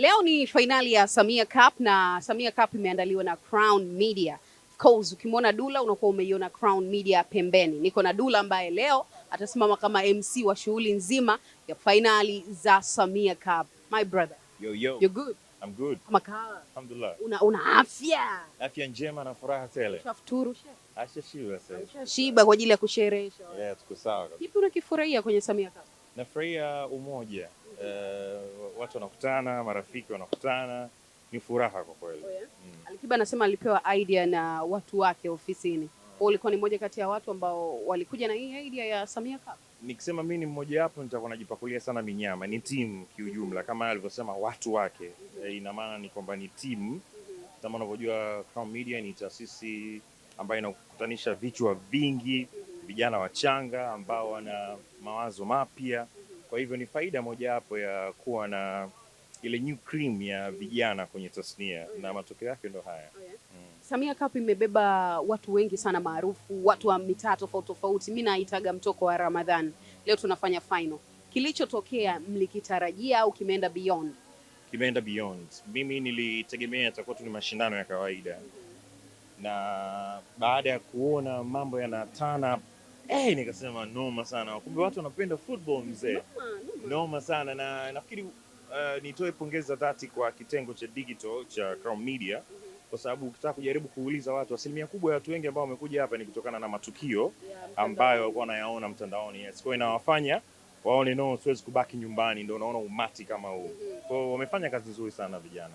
Leo ni fainali ya Samia Cup na Samia Cup imeandaliwa na Crown Media. Of course, ukimwona Dula unakuwa umeiona Crown Media pembeni. Niko na Dula ambaye leo atasimama kama MC wa shughuli nzima ya fainali za Samia Cup. My brother. Yo, yo. You're good? I'm good. Makaa. Alhamdulillah. Una, una afya. Afya njema na furaha tele. Shafuturu. Asha shiba sasa. Shiba kwa ajili ya kusherehesha. Yeah, tuko sawa kabisa. Kipi unakifurahia kwenye Samia Cup? Nafurahia umoja. Uh, watu wanakutana, marafiki wanakutana, ni furaha kwa kweli. Oh, yeah. Mm. Alikiba anasema alipewa idea na watu wake ofisini. Ulikuwa ni mmoja kati ya watu ambao walikuja na hii idea ya Samia Cup? Nikisema mimi ni mmoja hapo, nitakuwa najipakulia sana minyama. Ni timu kiujumla, mm-hmm. kama alivyosema watu wake. Mm -hmm. E, ina maana ni kwamba ni timu. Mm -hmm. Kama unavyojua Crown Media ni taasisi ambayo inakutanisha vichwa vingi, mm-hmm. vijana wachanga ambao wana mawazo mapya kwa hivyo ni faida mojawapo ya kuwa na ile new cream ya vijana kwenye tasnia mm. na matokeo yake ndo haya oh, mm. Samia Cup imebeba watu wengi sana maarufu, watu wa mitaa tofauti tofauti. Mimi naitaga mtoko wa ramadhan Leo tunafanya final, kilichotokea mlikitarajia au kimeenda beyond? Kimeenda beyond. Mimi nilitegemea atakuwa tu ni mashindano ya kawaida, mm-hmm. na baada ya kuona mambo yanatana Eh, nikasema noma sana, kumbe watu wanapenda football mzee. Noma, sana na nafikiri uh, nitoe pongezi za dhati kwa kitengo cha digital cha Crown Media mhm. kwa sababu ukitaka kujaribu kuuliza watu, asilimia kubwa ya watu wengi ambao wamekuja hapa ni kutokana na matukio ambayo walikuwa wanayaona mtandaoni. Yes, kwa inawafanya waone no, siwezi kubaki nyumbani, ndio unaona umati kama huu. Mhm. Kwa hiyo wamefanya kazi nzuri sana vijana.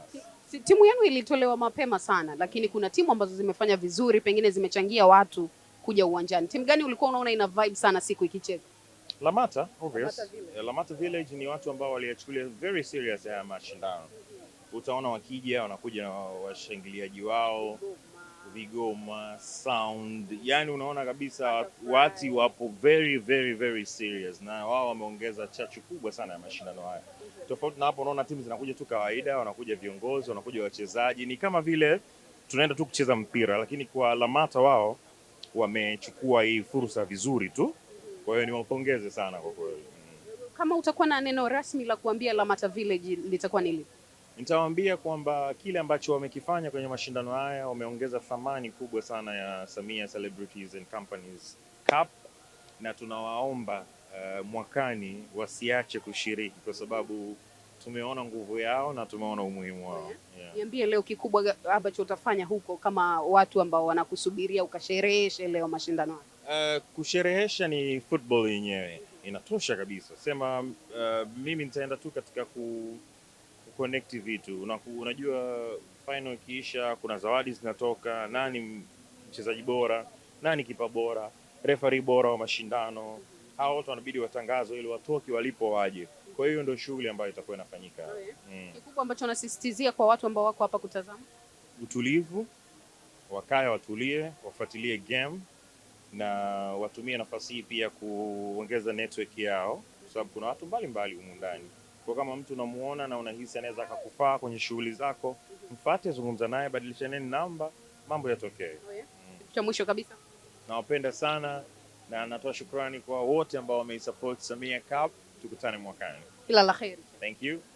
Timu yenu ilitolewa mapema sana, lakini kuna timu ambazo zimefanya vizuri, pengine zimechangia watu kuja uwanjani. Timu gani ulikuwa unaona ina vibe sana siku ikicheza? Lamata, obvious. Lamata Village. Lamata Village ni watu ambao waliachukulia very serious haya mashindano. Utaona wakija wanakuja na washangiliaji wao, vigoma, sound, yani unaona kabisa watu wapo very very very serious, na wao wameongeza chachu kubwa sana ya mashindano haya. Tofauti na hapo, unaona timu zinakuja tu kawaida, wanakuja viongozi, wanakuja wachezaji, ni kama vile tunaenda tu kucheza mpira, lakini kwa Lamata wao wamechukua hii fursa vizuri tu, kwa hiyo niwapongeze sana kwa kweli. Kama utakuwa na neno rasmi la kuambia Lamata Village litakuwa ni Nitawaambia kwamba kile ambacho wamekifanya kwenye mashindano haya, wameongeza thamani kubwa sana ya Samia Celebrities and Companies Cup, na tunawaomba uh, mwakani wasiache kushiriki kwa sababu tumeona nguvu yao na tumeona umuhimu wao. Yeah. leo kikubwa ambacho utafanya huko kama watu ambao wanakusubiria ukashereheshe leo mashindano Uh, kusherehesha ni football yenyewe inatosha kabisa. Sema uh, mimi nitaenda tu katika ku connect vitu. Unaku, unajua final ikiisha kuna zawadi zinatoka, nani mchezaji bora, nani kipa bora, referee bora wa mashindano. Hao watu wanabidi watangazwe ili watoki walipo waje. Kwa hiyo ndio shughuli ambayo itakuwa inafanyika. Oh, mm. Kikubwa ambacho nasisitizia kwa watu ambao wako hapa kutazama, utulivu, wakae watulie, wafuatilie game na watumie nafasi hii pia kuongeza network yao, kwa sababu kuna watu mbalimbali humu ndani. Kwa kama mtu unamuona na unahisi anaweza akakufaa kwenye shughuli zako, mfate, zungumza naye, badilishaneni namba, mambo yatokee. Oh, Kitu cha mwisho kabisa, nawapenda sana na natoa shukrani kwa wote ambao wameisupport Samia Cup tukutane mwakani. Kila la heri. Thank you.